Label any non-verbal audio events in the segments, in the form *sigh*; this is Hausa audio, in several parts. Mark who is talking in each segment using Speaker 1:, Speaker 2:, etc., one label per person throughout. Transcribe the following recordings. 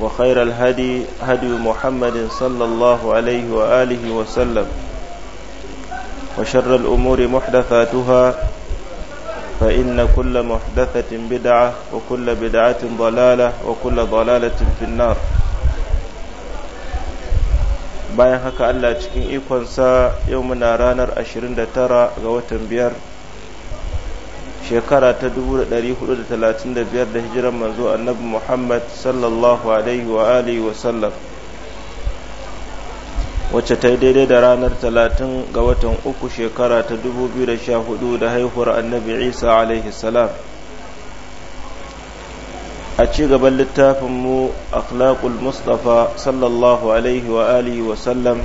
Speaker 1: وخير الهدي هدي محمد صلى الله عليه وآله وسلم وشر الأمور محدثاتها فإن كل محدثة بدعة وكل بدعة ضلالة وكل ضلالة في النار bayan haka Allah cikin ikonsa yau muna ranar 29 ga watan biyar shekara ta 435 da hijiran manzo annabi Muhammad sallallahu alaihi wa alihi wa sallam wacce ta yi daidai da ranar 30 ga watan uku shekara ta 2014 da haihuwar annabi Isa alaihi salam a ci gaban littafinmu akhlaqul mustafa sallallahu alaihi wa alihi wa sallam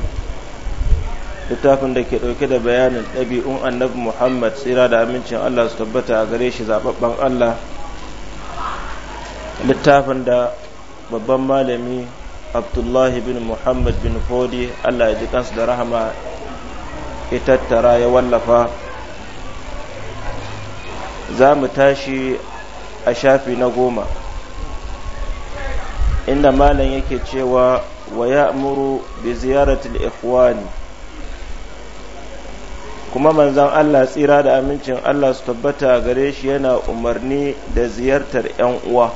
Speaker 1: littafin da ke ɗauke da bayanin ɗabi'un annabi muhammad tsira da amincin allah su tabbata a gare shi zaɓaɓɓen allah littafin da babban malami abdullahi bin muhammad bin fodi allah ya ji kansu da rahama ya tattara ya wallafa za mu tashi a shafi na goma inda malam yake cewa wa muru bi ziyaratil ikhwani kuma manzan Allah tsira da amincin Allah su tabbata gare shi yana umarni da ziyartar 'yan uwa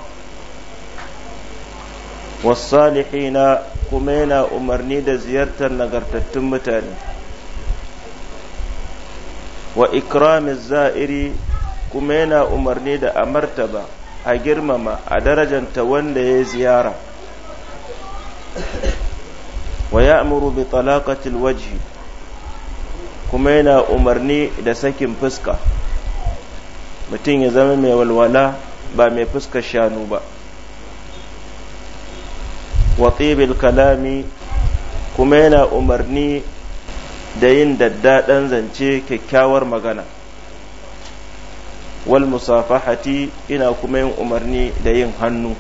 Speaker 1: wasalihina kuma yana umarni da ziyartar nagartattun mutane wa ikramin za'iri kuma yana umarni da a martaba a girmama a darajanta wanda ya ziyara wa ya bi talaqatil wajhi kuma yana umarni da sakin fuska mutum ya zama mai walwala ba mai fuskar shanu ba watsibil kalami kuma yana umarni da yin daddaɗan zance kyakkyawar magana wal musafahati ina kuma yin umarni da yin hannu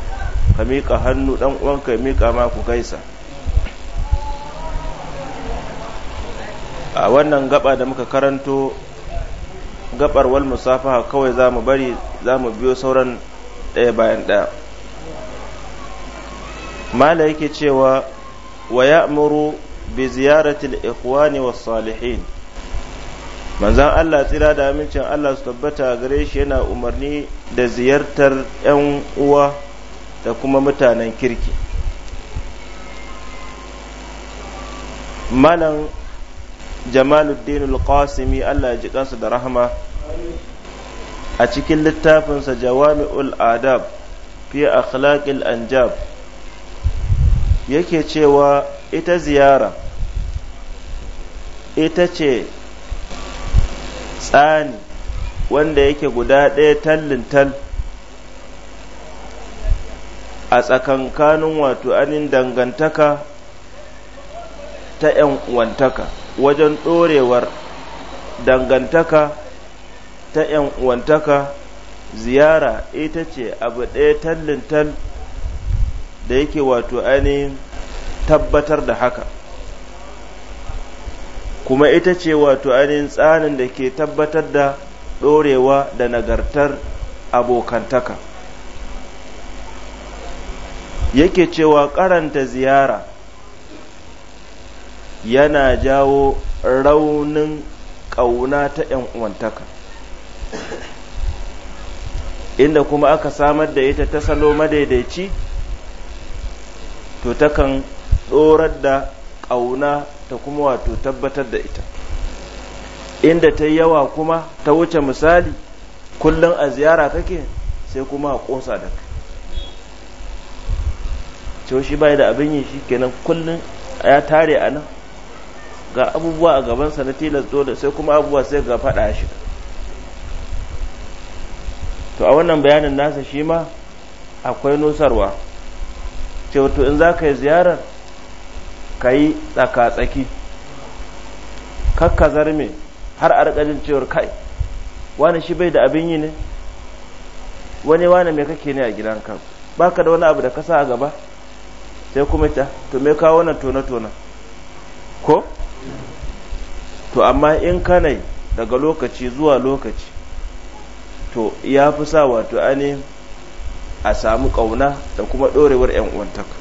Speaker 1: ka miƙa hannu ɗan uwanka ya miƙa ma ku gaisa a wannan gaba da muka karanto gabar wal musafaha kawai za mu bari za mu biyo sauran ɗaya bayan ɗaya mala yake cewa wa ya ya'muru bi ziyaratil ikhwani was salihin manzan Allah tsira da amincin Allah su tabbata gare shi yana umarni da ziyartar 'yan uwa da kuma mutanen kirki malam jamaluddin al-qasimi Allah ji kansa da rahama a cikin littafinsa jawami'ul adab fi akhlaqil anjab yake cewa ita ziyara ita ce tsani wanda yake guda ɗaya tallin tal a tsakankanin wato anin dangantaka ta ‘yan uwantaka wajen ɗorewar dangantaka ta ‘yan uwantaka ziyara ita ce abu ɗaya tallin da yake wato ainihin tabbatar da haka kuma ita ce wato ainihin tsanin da ke tabbatar da ɗorewa da nagartar abokantaka yake cewa karanta ziyara yana jawo raunin ƙauna ta ‘yan uwantaka inda kuma aka samar da ita ta salo madaidaici to takan tsorar da ƙauna ta kuma wato tabbatar da ita inda ta yawa kuma ta wuce misali kullum a ziyara kake sai kuma a ƙosa da kai cewa shi bai da abin yi shi kenan kullum ya tare a nan ga abubuwa a gabansa na tilas dole sai kuma abubuwa sai ga faɗa shi to a wannan bayanin nasa shi ma akwai nusarwa ce wato in za ka yi ziyarar ka yi tsaka-tsaki kakka me har a rikajin cewar kai wani shi bai da abin yi ne wani wani mai kake ne a gidanka baka da wani abu da kasa a gaba sai kuma ta to me kawo wannan tona-tona ko to amma in kanai daga lokaci zuwa lokaci to ya fi sa wato ainihin a samu ƙauna da kuma ɗorewar 'yan uwantaka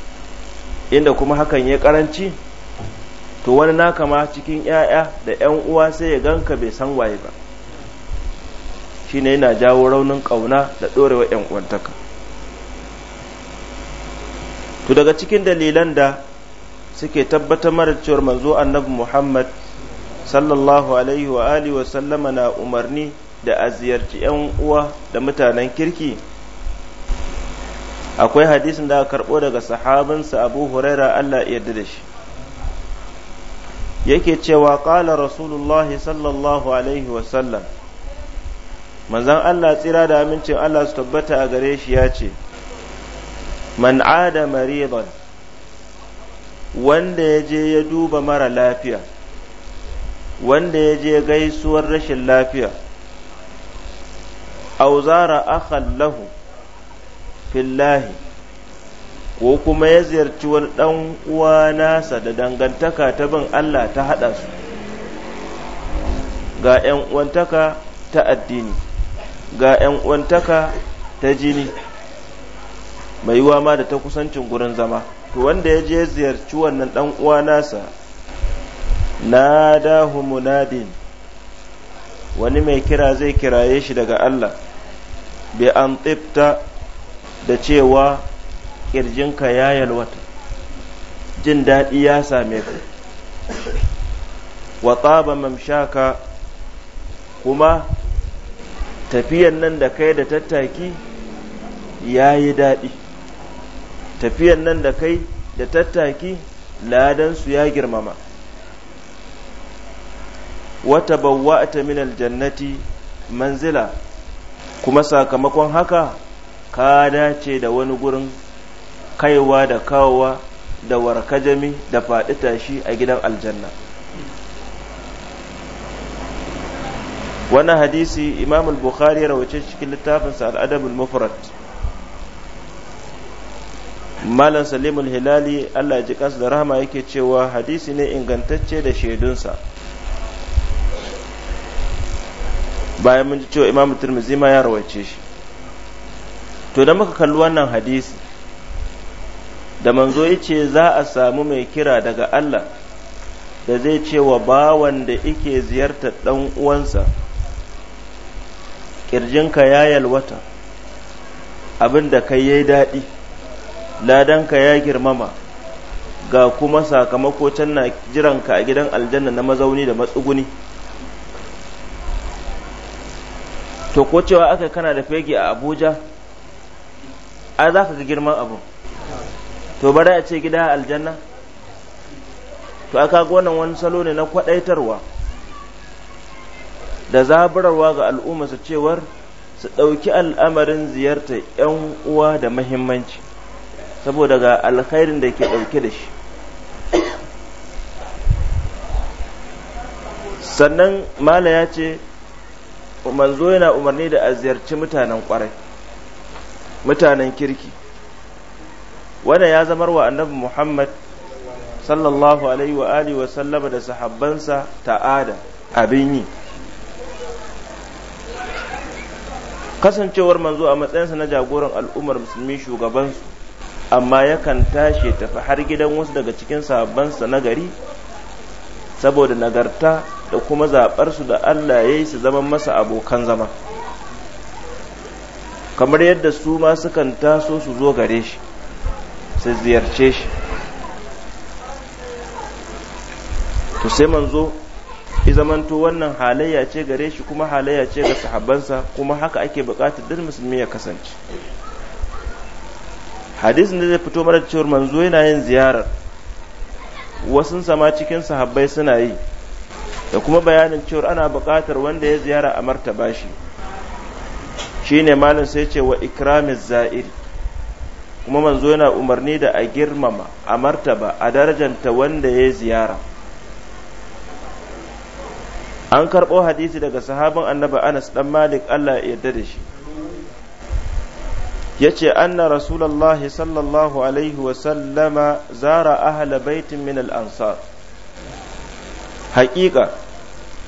Speaker 1: inda kuma hakan ya karanci to wani naka ma cikin 'ya'ya da 'yan uwa sai ya ganka bai san waye ba shi ne yana jawo raunin ƙauna da ɗorewar 'yan uwantaka to daga cikin dalilan da suke tabbatar mara cewar manzo annabi muhammad sallallahu alaihi wa alihi wa sallama na umarni da a ziyarci 'yan uwa da mutanen kirki akwai hadisin da aka karɓo daga sahabinsa abu huraira allah yarda da shi yake cewa ƙala rasulullahi sallallahu alaihi wa sallam manzan allah tsira da amincin allah su tabbata a gare shi ya ce man ada maridan wanda ya je ya duba mara lafiya wanda ya je gaisuwar rashin lafiya auzara akhan lahu fillahi ko kuma ya ziyarci wani ɗan uwa nasa da dangantaka ta bin Allah ta haɗa su ga ‘yan uwantaka ta addini ga ‘yan uwantaka ta jini mai yiwa ma da ta kusancin gurin zama to wanda ya je ziyarci wannan ɗan uwa nasa nadahu munadin wani mai kira zai kiraye shi daga Allah bi an tsibta da cewa ka ya yalwata jin daɗi ya same ka wa tsaba mamshaka kuma tafiyan nan da kai da tattaki ya yi daɗi tafiyan nan da kai da tattaki ladansu ya girmama wata bawwa'ata min jannati manzila kuma sakamakon haka ka dace da wani gurin kaiwa da kawowa da warkajami da faɗi tashi a gidan aljanna wannan hadisi imam al-bukhari ya rawace cikin littafinsa al'adabul mufrad malam salimul hilali allah ji kansa da rahama yake cewa hadisi ne ingantacce da shaidunsa bayan mun ji cewa imamu turmuzi ma ya rawace shi to da muka kalli wannan hadisi da manzo yace za a samu mai kira daga Allah da zai ce wa bawan da yake ziyartar dan uwansa ƙirjinka ya yalwata abin da kai yayi daɗi ladanka ya girmama ga kuma sakamako can na jiranka a gidan aljanna na mazauni da matsuguni to ko cewa aka kana da fegi a abuja a za ka ga girman abu to bari a ce gida aljanna to aka ga wannan wani salo ne na kwadaitarwa da zaburarwa ga al'umma su cewar su ɗauki al'amarin ziyartar 'yan uwa da mahimmanci saboda ga alkhairin da ke ɗauke da shi sannan mala ya ce manzo yana umarni da a ziyarci mutanen kwarai mutanen kirki wanda ya zamar wa annabi muhammad sallallahu alaihi wa alihi wa sallama da sahabbansa ta'ada abin yi kasancewar manzo a matsayinsa na jagoran al'ummar musulmi shugabansu amma yakan tashi tafi har gidan wasu daga cikin sahabbansa na gari saboda nagarta da kuma su da Allah ya yi su zama masa abokan zama kamar yadda su ma sukan taso su zo gare shi su ziyarce shi to sai manzo zamanto wannan halayya ce gare shi kuma halayya ce ga sahabbansa kuma haka ake bukatar duk musulmi ya kasance hadisin da zai fito mara cewar manzo yana yin ziyarar Wasu sama cikin sahabbai suna yi da kuma bayanin cewar ana buƙatar wanda ya ziyara a martaba shi Shi ne malam sai ce wa ikramin za'iri kuma manzo yana umarni da a girmama a martaba a darajanta wanda ya ziyara an karɓo hadisi daga sahabin annaba anas dan malik allah ya yarda da shi ya ce anna rasulallah sallallahu alaihi wasallama zara ahala baitin min al-ansar haƙiƙa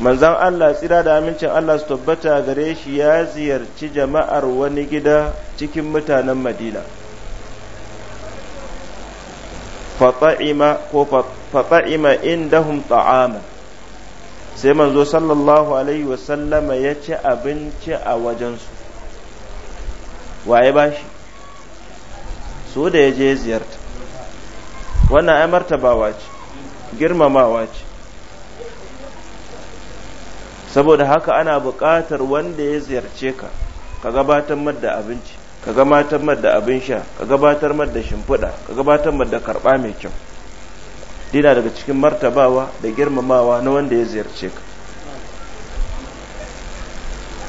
Speaker 1: manzan Allah tsira da amincin Allah su tabbata gare shi ya ziyarci jama'ar wani gida cikin mutanen Madina fata'ima ko fata'ima indahum ta'ama sai manzo sallallahu alaihi wasallama ya ci abinci a wajensu waye shi so da ya je ziyarta wannan ai martabawa ce girmamawa ce saboda haka ana buƙatar wanda ya ziyarce ka ka gabatar da abinci ka gabatar da abin sha ka gabatar da shimfiɗa ka gabatar da karɓa mai kyau dina daga cikin martabawa da girmamawa na wanda ya ziyarce ka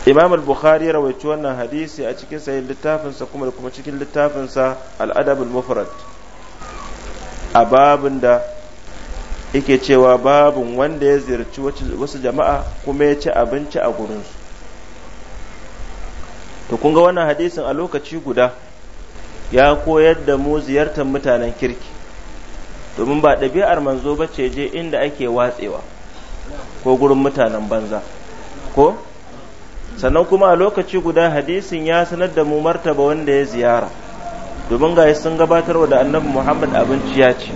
Speaker 1: imam al-bukhari ya rawaici wannan hadisi a cikin sayin littafinsa kuma da kuma cikin littafinsa al-adab al-mufrad a babin da yake cewa babun wanda ya ziyarci wasu jama'a kuma ya ci abinci a gurinsu to kun ga wannan hadisin a lokaci guda ya koyar da mu ziyartar mutanen kirki domin ba ɗabi'ar manzo ba ce je inda ake watsewa ko gurin mutanen banza ko sannan kuma a lokaci guda hadisin ya sanar da mu martaba wanda ya ziyara domin ga sun gabatarwa da annabi muhammad abinci ya ce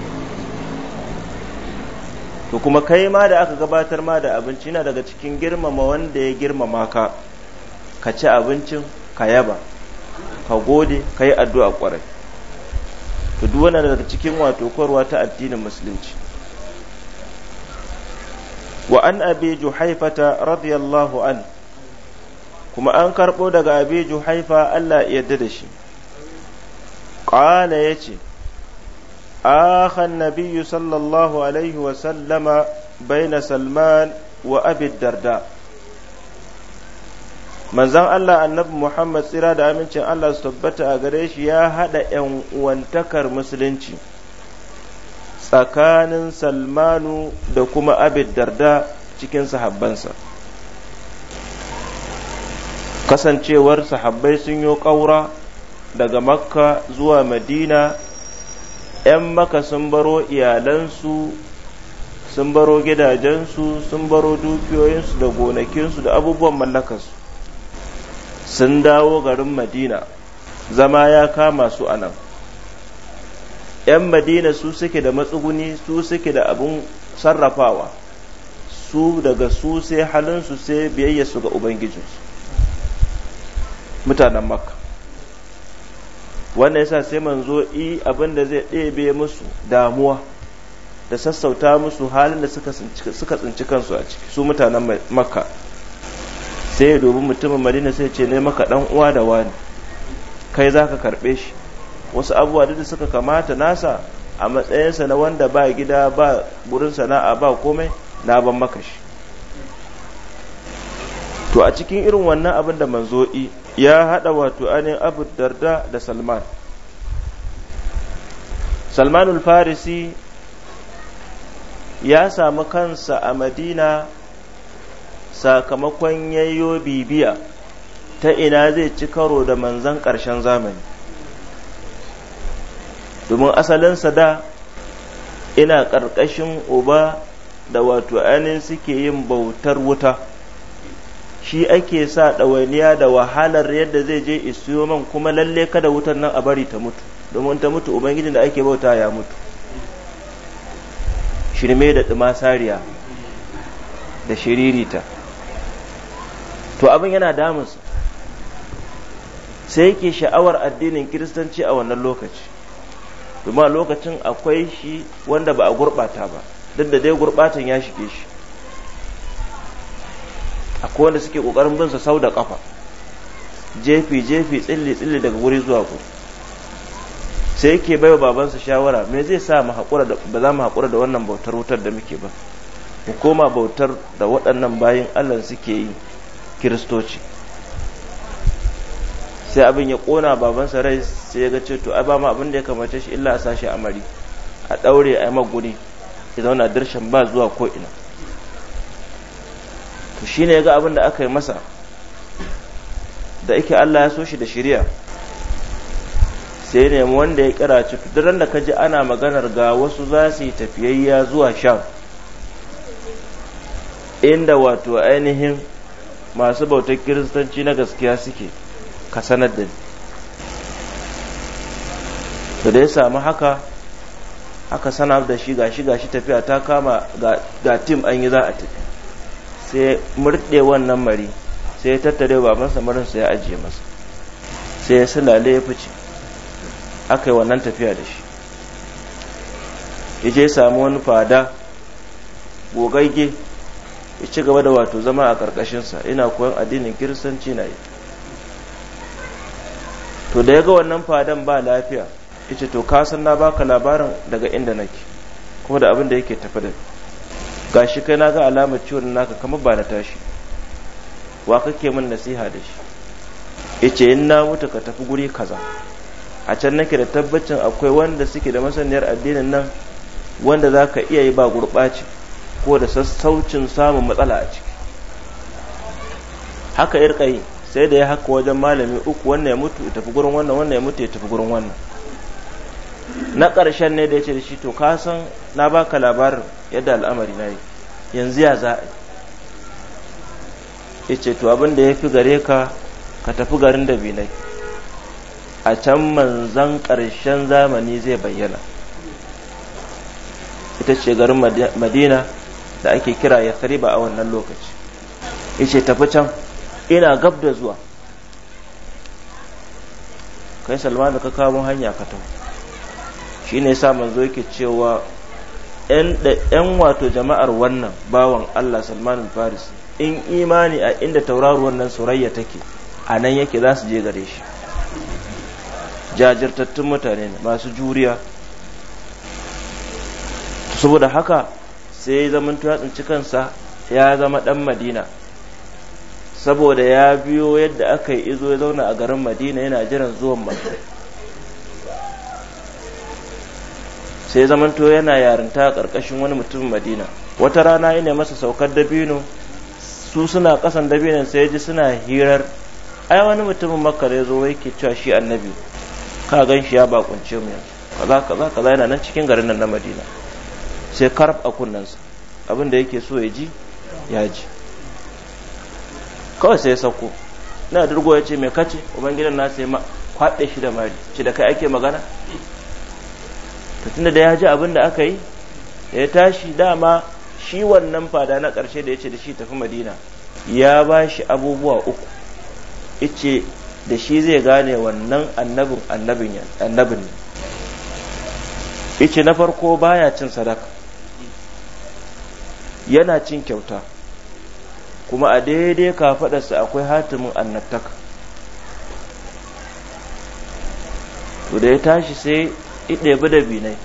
Speaker 1: to kuma kai ma da aka gabatar ma da abinci na daga cikin girmama wanda ya girmama ka ka ci abincin ka yaba ka gode ka yi addu'a kwarai to duk wannan daga cikin wato korwa ta addinin musulunci wa an abi juhaifata radiyallahu an kuma an karɓo daga abi juhaifa Allah yarda da shi ƙala ya ce آخى النبي صلى الله عليه وسلم بين سلمان وأبي الدرداء manzan Allah annabi Muhammad tsira da amincin Allah su tabbata a gare shi ya haɗa ‘yan uwantakar musulunci tsakanin Salmanu da kuma Abid cikin sahabbansa. Kasancewar sahabbai sun yo ƙaura daga Makka zuwa Madina ‘yan maka sun baro iyalansu sun baro gidajensu sun baro dukiyoyinsu da gonakinsu da abubuwan mallakarsu sun dawo garin madina zama ya kama su a nan ‘yan madina su suke da matsuguni su suke da abin sarrafawa su daga su sai halinsu sai biyayya su ga ubangijinsu mutanen makka wannan yasa sai manzo i abin da zai ɗebe musu damuwa da sassauta musu halin da suka tsinci kansu a ciki su mutanen makka sai ya dubi mutumin madina sai ce ne maka dan uwa da wani kai za ka karɓe shi wasu abubuwa da suka kamata nasa a matsayinsa na wanda ba gida ba wurin sana'a ba komai na ban maka shi to a cikin irin wannan abin da manzo'i ya haɗa wato anin abu darda da salman salmanul farisi ya samu kansa a madina sakamakon yayyo bibiya ta ina zai ci karo da manzan ƙarshen zamani domin asalinsa da ina ƙarƙashin uba da wato anin suke yin bautar wuta shi ake sa ɗawainiya da wahalar yadda zai je isiyo man kuma lalle kada wutar nan a bari ta mutu domin ta mutu ubangijin da ake bauta ya mutu shirme da sariya da shiririta to abin yana damus sai yake sha'awar addinin kiristanci a wannan lokaci domin lokacin akwai shi wanda ba a gurɓata ba duk da dai gurɓatan ya shige shi ko wanda suke kokarin bin sa sau da kafa jefi jefi tsilli tsilli daga wuri zuwa ku sai yake baiwa babansa shawara me zai sa mu hakura da ba za mu hakura da wannan bautar wutar da muke ba mu koma bautar da waɗannan bayin Allah suke yi kiristoci sai abin ya kona babansa rai sai ya ga ce to ai ba mu abin da ya kamace shi illa a sashi amari a daure a yi maguri ya zauna dirshan ba zuwa ko ina to shine ga abin da aka yi masa da ake Allah ya so shi da shirya sai nemi wanda ya kira ci tudurin da ji ana maganar ga wasu za su yi tafiyayya zuwa sham inda wato ainihin masu bautar kiristanci na gaskiya suke ka sanar da ni da ya samu haka aka sanar da shi ga shi tafiya ta kama ga tim an yi za a tafi sai murɗe wannan mari sai ya tattare babansa marin sai ya ajiye masa sai ya sulale ya fice aka yi wannan tafiya da shi ya je samu wani fada gogagge ya ci gaba da wato zama a ƙarƙashinsa ina koyon addinin kiristanci na yi to da ya ga wannan fadan ba lafiya ya ce to kasan na baka labarin daga inda nake kuma da abin da yake tafi da ni gashi kai na ga alamar ciwon naka kamar ba na tashi wa kake min nasiha da shi yace in na mutu ka tafi guri kaza a can nake da tabbacin akwai wanda suke da masaniyar addinin nan wanda za ka iya yi ba gurɓaci ko da sassaucin samun matsala a ciki haka irkai yi sai da ya haka wajen malami uku wannan ya mutu ya tafi gurin wannan wannan ya mutu ya tafi gurin wannan na ƙarshen ne da ya ce da shi to kasan san na baka labarin yadda al'amari na yi yanzu ya za a yi to abin da ya fi gare ka ka tafi garin da binai a can manzan ƙarshen zamani zai bayyana ita ce garin madina da ake kira ya ba a wannan lokaci ce tafi can ina gab da zuwa kai da ka kawo hanya ka tafi shi ne sa manzo yake cewa 'yan wato jama'ar wannan bawan Allah Salman al-Faris in imani a inda tauraruwar nan surayya take a nan yake za su je gare shi jajirtattun mutane masu juriya saboda haka sai zaman ya tsinci kansa ya zama dan madina saboda ya biyo yadda aka yi izo ya zauna a garin madina yana jiran zuwan madina sai zamanto yana yarinta a ƙarƙashin wani mutumin madina wata rana ya masa saukar dabino su suna ƙasan dabinon sai ji suna hirar ai wani mutumin makka da ya yake cewa shi annabi ka gan shi ya bakunce mu yanzu kaza kaza kaza yana nan cikin garin nan na madina sai karf a kunnensa abin da yake so ya ji ya ji kawai sai ya sauko na durgo ya ce mai kace ubangidan na sai ma kwaɗe shi da mari ce da kai ake magana to tunda da ya ji abin da aka yi da ya tashi dama shi wannan fada na ƙarshe da ya ce da shi tafi madina ya ba shi abubuwa uku ice da shi zai gane wannan annabin annabin ne ice na farko baya cin sadaka yana cin kyauta kuma a daidai kafaɗarsa akwai hatimin annabtaka to da ya tashi sai ɗebi da bi binai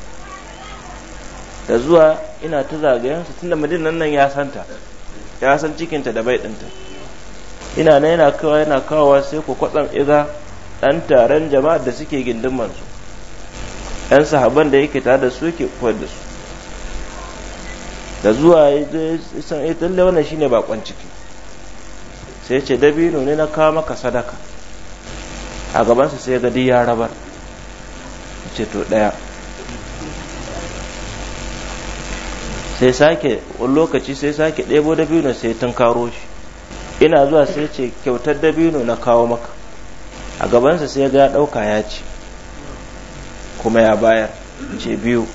Speaker 1: da zuwa ina ta zagayensu tunda madinan nan ya santa ya san cikinta da bai ɗinta ina na yana kawa yana kawowa sai ku kwatsam iga ɗan taron jama'ar da suke gindin su. ɗan sahaban da yake tare da su ke kuwar da su da zuwa san ya eh, talle wannan shine bakon ciki sai ce dabino ne na kawo maka sadaka a gabansa sai ga ya rabar ce to ɗaya sai sake wani lokaci sai sake ɗebo dabino sai tun karo shi ina zuwa sai ce kyautar dabino na kawo maka a gabansa sai ga ɗauka ya ci kuma ya bayar ce biyu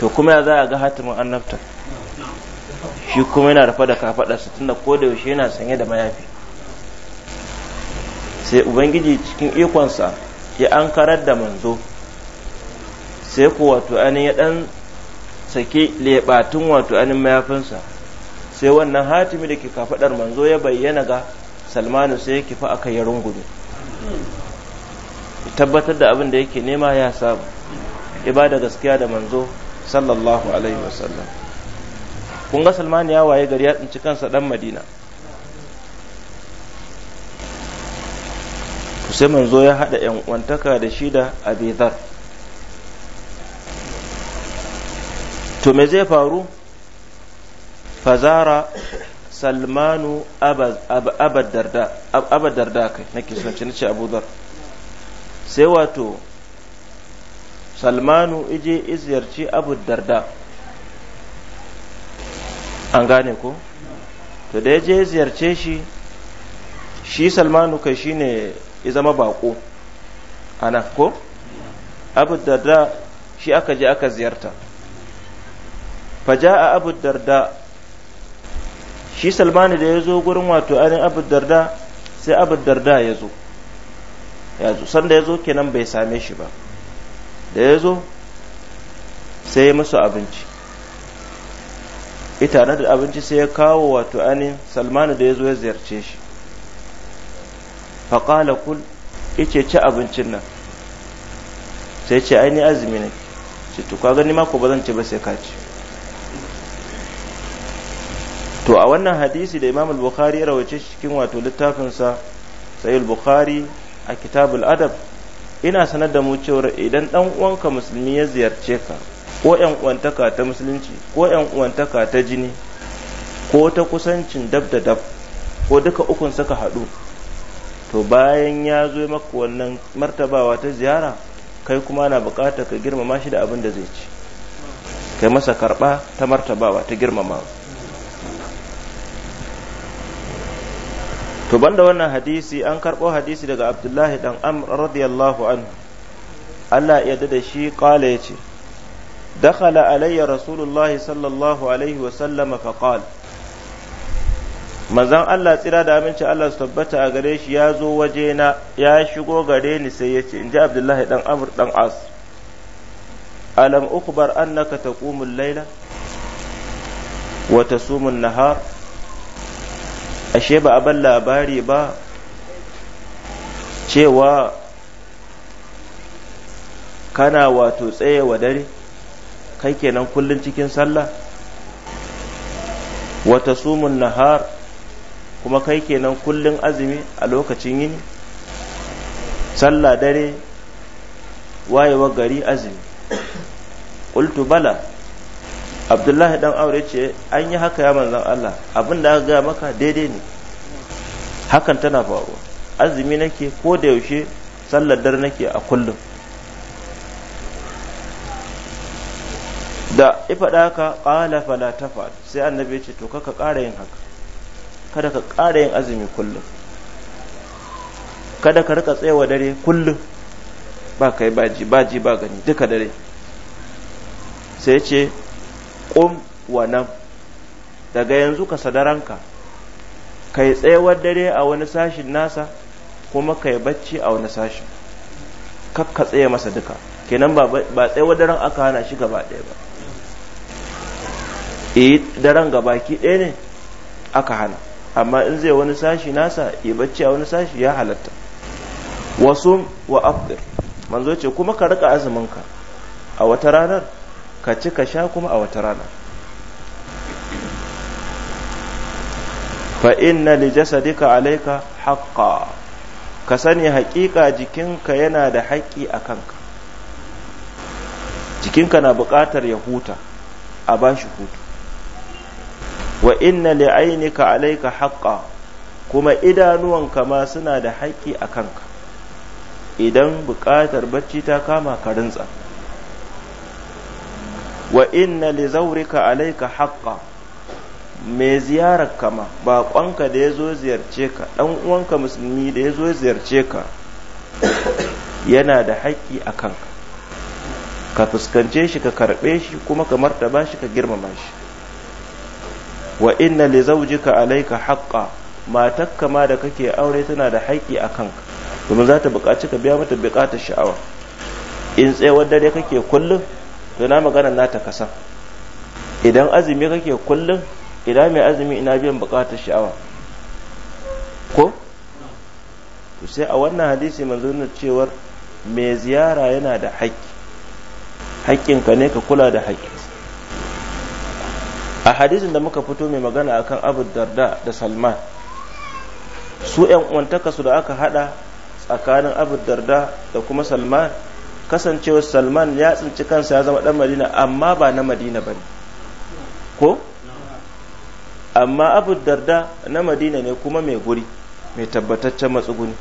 Speaker 1: to kuma ya za a ga hatimin annabta shi kuma yana rufe da kafaɗarsa tunda ko da yaushe yana sanye da mayafi sai ubangiji cikin ikonsa ya an karar da manzo sai ku wato ainihin ya ɗan saki lebatun wato ainihin mayafinsa sai wannan hatimi da ke kafaɗar manzo ya bayyana ga salmanu sai ya kifa aka ya rungudu tabbatar da abin da yake nema ya samu ibada gaskiya da manzo sallallahu alaihi wasallam kun ga salmanu ya waye gari ya tsinci kansa dan madina sai manzo ya haɗa 'yan wantaka da shida da bezar. to me zai faru fazara salmanu abadarda kai na nake sunce nace abubuwar sai wato salmanu ije iziyarci abudarda an gane ko to da ya je ziyarce shi shi salmanu kai shi ya zama bako ana ko abudarda shi aka je aka ziyarta faja'a abu darda shi salmani da ya zo gurin wato ainihin abu darda sai abu darda ya zo ya zo sanda ya zo kenan bai same shi ba da ya zo sai ya musu abinci ita da abinci sai ya kawo wato ainihin salmani da ya zo ya ziyarce shi faƙala kul ice ci abincin nan sai ce aini azumi ne ce to gani mako ba zan ci ba sai ka ci to a wannan hadisi da imam al-bukhari ya rawace cikin wato littafinsa sai al-bukhari a kitabul adab ina sanar da mu cewa idan dan uwanka musulmi ya ziyarce ka ko yan uwantaka ta musulunci ko yan uwantaka ta jini ko ta kusancin dab da dab ko duka ukun suka haɗu to bayan ya zo maka wannan martabawa ta ziyara kai kuma na bukata ka girmama shi da abin da zai ci kai masa karɓa ta martabawa ta girmama. to banda wannan hadisi an karɓo hadisi daga abdullahi dan amr radiyallahu anhu Allah ya da shi kala ya ce dakhala alayya rasulullah sallallahu alaihi wa sallam fa qal manzon Allah tsira da aminci Allah su tabbata a gare shi ya zo waje na ya shigo gare ni sai ya ce inji abdullahi dan amr dan as alam ukhbar annaka taqumul al-layla wa tasumu nahar ashe ba abin labari ba cewa kana wato tsaye wa dare kai kenan kullum cikin sallah wata sumun nahar kuma kai kenan kullum azumi a lokacin yini sallah dare wayewa gari azumi ƙultu bala abdullahi dan aure ce an yi haka ya manzan Allah abin da aka gaya maka daidai ne hakan tana faruwa azumi nake ko da yaushe sallar dare nake a kullum da ifaɗa haka ƙala fala sai annabi ce to kaka ƙara yin haka kada ka ƙara yin azumi kullum kada ka rika tsayawa dare kullum ba kai baji baji ba gani duka dare sai ce kum wa nan daga yanzu ka sadaranka kai tsayawar dare a wani sashin nasa kuma kai bacci a wani sashin kakka tsaye masa duka kenan ba tsayawar daren aka hana shi gaba ɗaya ba e daren ki ɗaya ne aka hana amma in zai wani sashi nasa ya bacci a wani sashi ya halatta wasu wa afdir manzo ce kuma ka rika azumin ka a wata ranar ka ci ka sha kuma a wata rana fa inna li jasadika alayka haƙƙa ka sani haƙiƙa jikinka yana da haƙƙi a kanka jikinka na buƙatar ya huta a ba shi hutu wa inna li ainika alayka kuma idanuwanka ma suna da haƙƙi a kanka idan buƙatar bacci ta kama ka rintsa wa inna li zaurika alaika haqqa mai ziyarar kama baƙonka da ya zo ziyarce ka ɗan uwanka musulmi da ya zo ziyarce ka yana da haƙƙi a kanka ka fuskance shi ka karɓe shi kuma ka martaba shi ka girmama shi wa inna li zaujika alaika haqqa matakka ma da kake aure tana da haƙƙi a kanka domin za ta buƙaci ka biya mata buƙatar sha'awa in tsayawar dare kake kullum to na magana na ta kasa idan azumi kake kullum idan mai azumi ina biyan bukatar sha'awa ko to sai a wannan hadisi manzo nuna cewar mai ziyara yana da haƙƙi haƙƙinka ne ka kula da haƙƙi a hadisin da muka fito mai magana akan abu darda da salman su yan uwantaka da aka haɗa tsakanin abu darda da kuma salman kasancewar salman ya tsinci kansa ya zama dan madina amma ba na madina ba ko amma abu darda na madina ne kuma mai guri mai tabbataccen matsuguni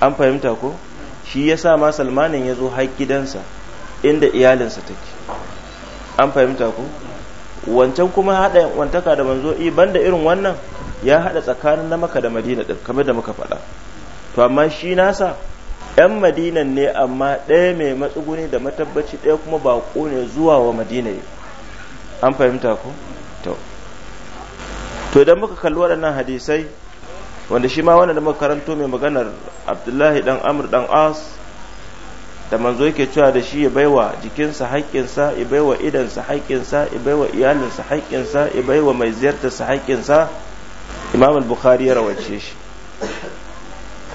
Speaker 1: an fahimta ko shi ya sa ma salmanin ya zo har gidansa inda iyalinsa take an fahimta ko wancan kuma haɗa wantaka da manzo i banda irin wannan ya haɗa tsakanin na maka da madina ɗin kamar da muka faɗa to amma shi nasa 'yan madinan ne amma ɗaya mai matsuguni da matabbaci ɗaya kuma baƙo ne zuwa wa madina an fahimta ku to idan muka kalli waɗannan hadisai wanda shi ma wanda da muka karanto mai maganar abdullahi dan amur dan as da manzo yake cewa da shi ya baiwa jikinsa haƙƙinsa ya baiwa idansa haƙƙinsa ya baiwa iyalinsa haƙƙinsa ya baiwa mai ziyartarsa haƙƙinsa imam al-bukhari ya rawace shi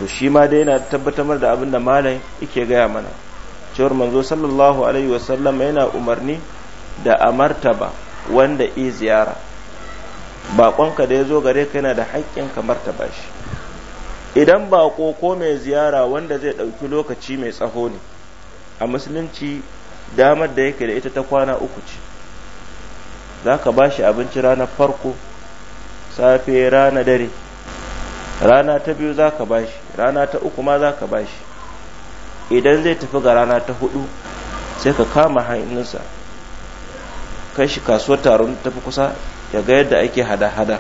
Speaker 1: to shi ma dai yana tabbatar da abin da malam yake gaya mana cewar manzo sallallahu alaihi wasallam yana umarni da amartaba wanda i ziyara baƙonka da ya zo gare ka yana da haƙƙin ka martaba shi idan baƙo ko mai ziyara wanda zai ɗauki lokaci mai tsaho ne a musulunci damar da yake da ita ta kwana uku ce za ka ba shi abinci ranar farko safe rana dare rana ta biyu za ka bashi rana ta uku ma za ka bashi idan zai tafi ga rana ta hudu sai ka kama hannunsa kai shi kasuwar taron tafi kusa ya ga yadda ake hada-hada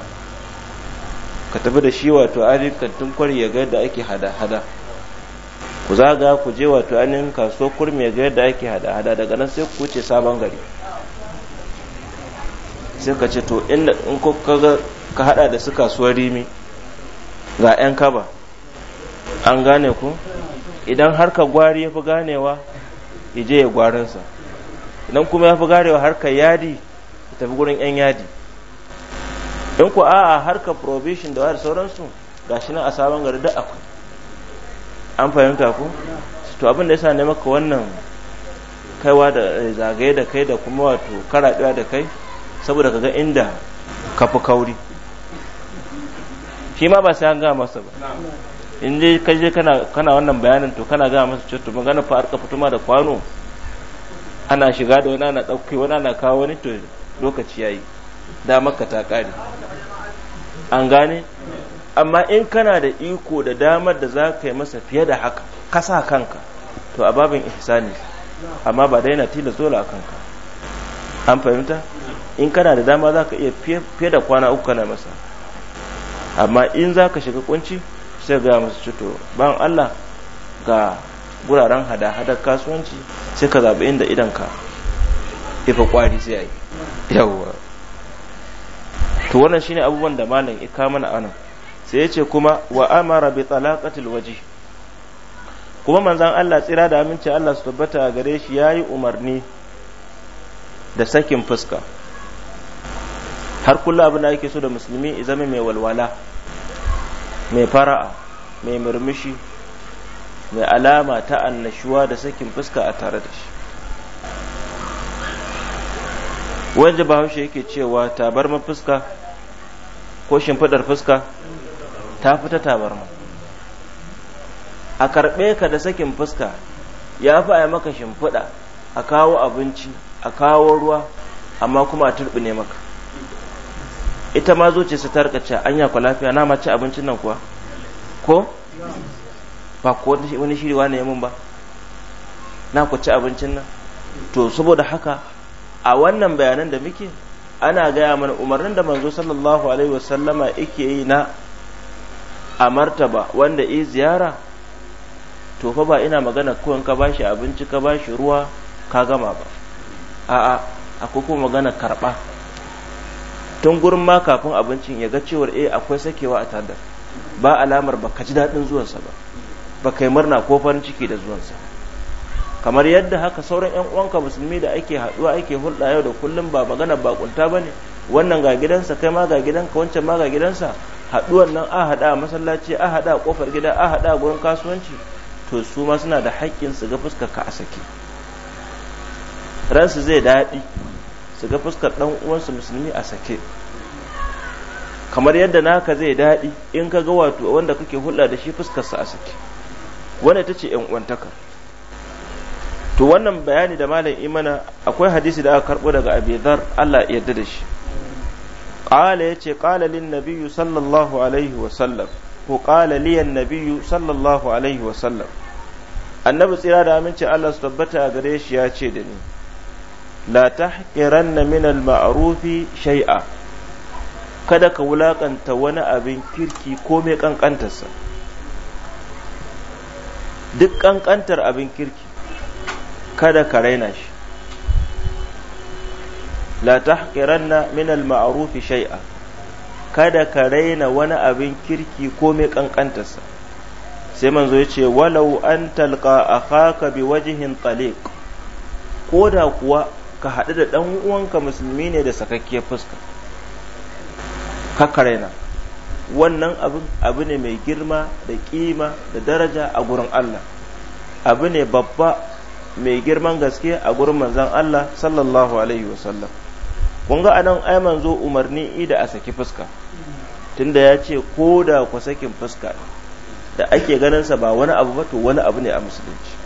Speaker 1: ka tafi da shi wato ainihin kantin kwari ya ga yadda ake hada-hada ku zaga ku je wato ainihin kasuwar kurmi ya ga yadda ake hada-hada daga nan sai ku wuce sabon gari sai ka ce to inda in ka hada da su kasuwar rimi ga 'yan kaba an gane ku idan harka gwari ya fi ganewa ya ya gwarinsa idan kuma ya fi ganewa harka yadi ya tafi gurin 'yan yadi in ku a'a harka provision da da sauransu ga shi nan a sabon gari da akwai an fahimta ku to abin da sa ne maka wannan kaiwa da eh, zagaye da kai da kuma wato karaɗewa da kai saboda ka ga inda kafi kauri shi ma ba sai an gaya masa ba in dai ka je kana kana wannan bayanin to kana gaya masa cewa to magana fa arka fito ma da kwano ana shiga da wani ana ɗauke wani ana kawo wani to lokaci yayi damar ka ta kare an gane amma in kana da iko da damar da za ka yi masa fiye da haka sa kanka to a babin ihsani amma ba daina tilas dole a kanka an fahimta in kana da dama za ka iya fiye da kwana uku kana masa amma in za ka shiga kunci sai ga musu cuto ban Allah ga guraren hada-hadar kasuwanci sai ka zaɓi inda idanka ifa kwari sai a yi yawwa to wannan shine abubuwan da malam ya kama na anan sai yace kuma wa amara bi talaqatil waji kuma manzan Allah tsira da aminci Allah su tabbata gare shi yayi umarni da sakin fuska har kullum abin da ake so da musulmi ya zama mai walwala mai fara'a mai murmushi mai alama ta annashuwa da sakin fuska a tare da shi wanda bahaushe yake cewa tabarma fuska ko shimfiɗar fuska ta fita tabarma a karɓe ka da sakin fuska ya fi a maka shimfiɗa a kawo abinci a kawo ruwa amma kuma a ne maka ita ma zuciyarsa ta tarkace cewa anya ku lafiya na ma ci abincin nan kuwa ko ba ko wani shiri yi mun ba na ku ci abincin nan to saboda haka a wannan bayanan da muke ana gaya mana umarnin da manzo sallallahu alaihi wasallama yake yi na a martaba wanda yi ziyara to fa ba ina magana kuwan ka bashi abinci ka bashi ruwa ka gama ba a'a akwai kuma magana karɓa tun gurin ma kafin abincin ya ga cewar eh akwai sakewa a tadar ba alamar ba ka ji daɗin zuwansa ba ba kai murna ko farin ciki da zuwansa kamar yadda haka sauran yan uwanka musulmi da ake haɗuwa ake hulɗa yau da kullum ba magana kunta ba ne wannan ga gidansa kai ma ga gidanka wancan ma ga gidansa haɗuwan nan a haɗa masallaci a haɗa ƙofar gida a haɗa gurin kasuwanci to su ma suna da haƙƙin su ga fuskar ka a sake ransu zai daɗi su ga fuskar dan uwansu musulmi a sake kamar yadda naka zai daɗi in ka ga wato wanda kake hulɗa da shi fuskarsa a sake wanda ta ce yan uwantaka to wannan bayani da malam imana akwai hadisi da aka karɓo daga abidar Allah yadda da shi qala ce qala lin nabiyu sallallahu alaihi wa sallam ko ƙalaliyan liyan sallallahu alaihi wa sallam annabi tsira da aminci Allah su tabbata gare shi ya ce da ni la tahqiranna min al-ma'rufi shay'a kada ka wulakanta wani abin kirki ko mai kankantarsa duk kankantar abin kirki kada ka raina shi la tahqiranna min al maruf shay'a kada ka raina wani abin kirki ko mai kankantarsa sai manzo ya ce walau an talqa akhaka bi taliq koda kuwa ka haɗu da ɗan uwanka musulmi ne da sakakke fuska ka raina wannan abu ne mai girma da ƙima da daraja a gurin Allah abu ne babba mai girman gaske a gurin manzan Allah sallallahu alaihi wasallam kun ga anan ai manzo umarni ida a saki fuska tunda ya ce ko da ku fuska da ake ganin sa ba wani abu ba to wani abu ne a musulunci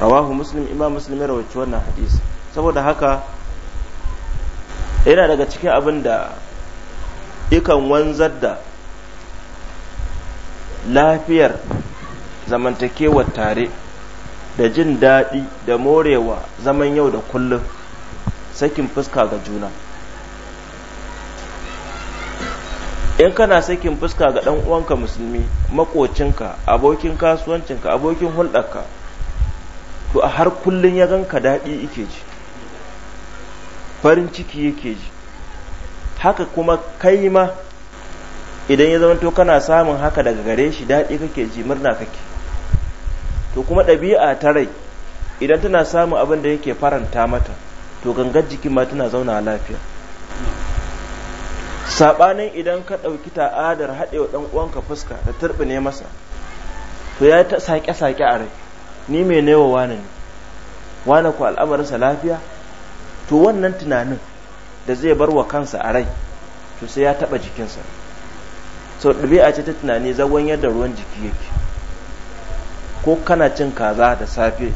Speaker 1: rawahu muslim imam muslim ya rawaci wannan hadisi saboda haka yana daga cikin abin da ikan wanzar da lafiyar zamantakewar tare da jin daɗi da morewa zaman yau da kullum sakin fuska ga juna in kana sakin fuska ga ɗan uwanka musulmi makocinka abokin kasuwancinka abokin hulɗarka to a har kullum ya ganka daɗi yake ji farin ciki yake ji haka kuma kai ma idan ya zamanto kana samun haka daga gare shi daɗi kake ji murna kake to kuma ɗabi'a ta rai idan tana samun abin da yake faranta mata to gangar jiki ma tana zauna lafiya saɓanin idan ka ɗauki ta'adar haɗewa ɗan uwanka fuska da turɓine masa to ya ta saƙe-saƙe a rai ni mai newa wane ne wane ku al'amarinsa lafiya to wannan tunanin da zai bar wa kansa a rai to sai ya taɓa jikinsa sau ɗabi'a ce ta tunani zagon yadda ruwan jiki yake ko kana cin kaza da safe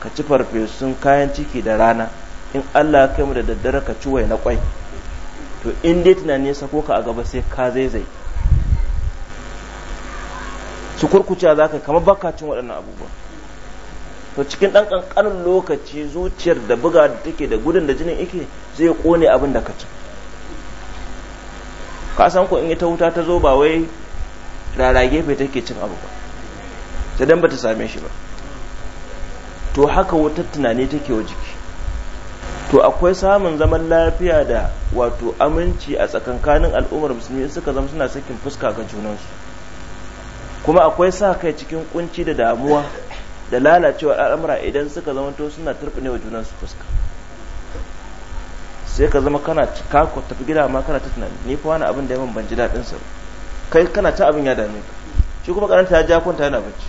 Speaker 1: ka ci farfesun kayan ciki da rana in allah kai mu da daddare ka ci wai na kwai to in dai tunani ya sako ka a gaba sai ka zaizai su kurkuce za ka kama baka cin waɗannan abubuwa to cikin ɗan ƙanƙanin lokaci zuciyar da buga da take da gudun da jinin yake zai ƙone abin da ka ci ka san ko in ita wuta ta zo ba wai rara gefe take cin abu ba sai dan bata same shi ba to haka wutar tunani take wa jiki to akwai samun zaman lafiya da wato aminci a tsakankanin al'ummar musulmi suka zama suna sakin fuska ga junansu kuma akwai sa kai cikin kunci da damuwa da lalacewar al'amura idan suka to suna turbine wa junansu fuska sai ka zama kana ka tafi gida ma kana ta tunani ni fa wani abin da yaman ban ji daɗin sa kai kana ta abin ya dame ka shi kuma karanta ya ja kwanta yana bacci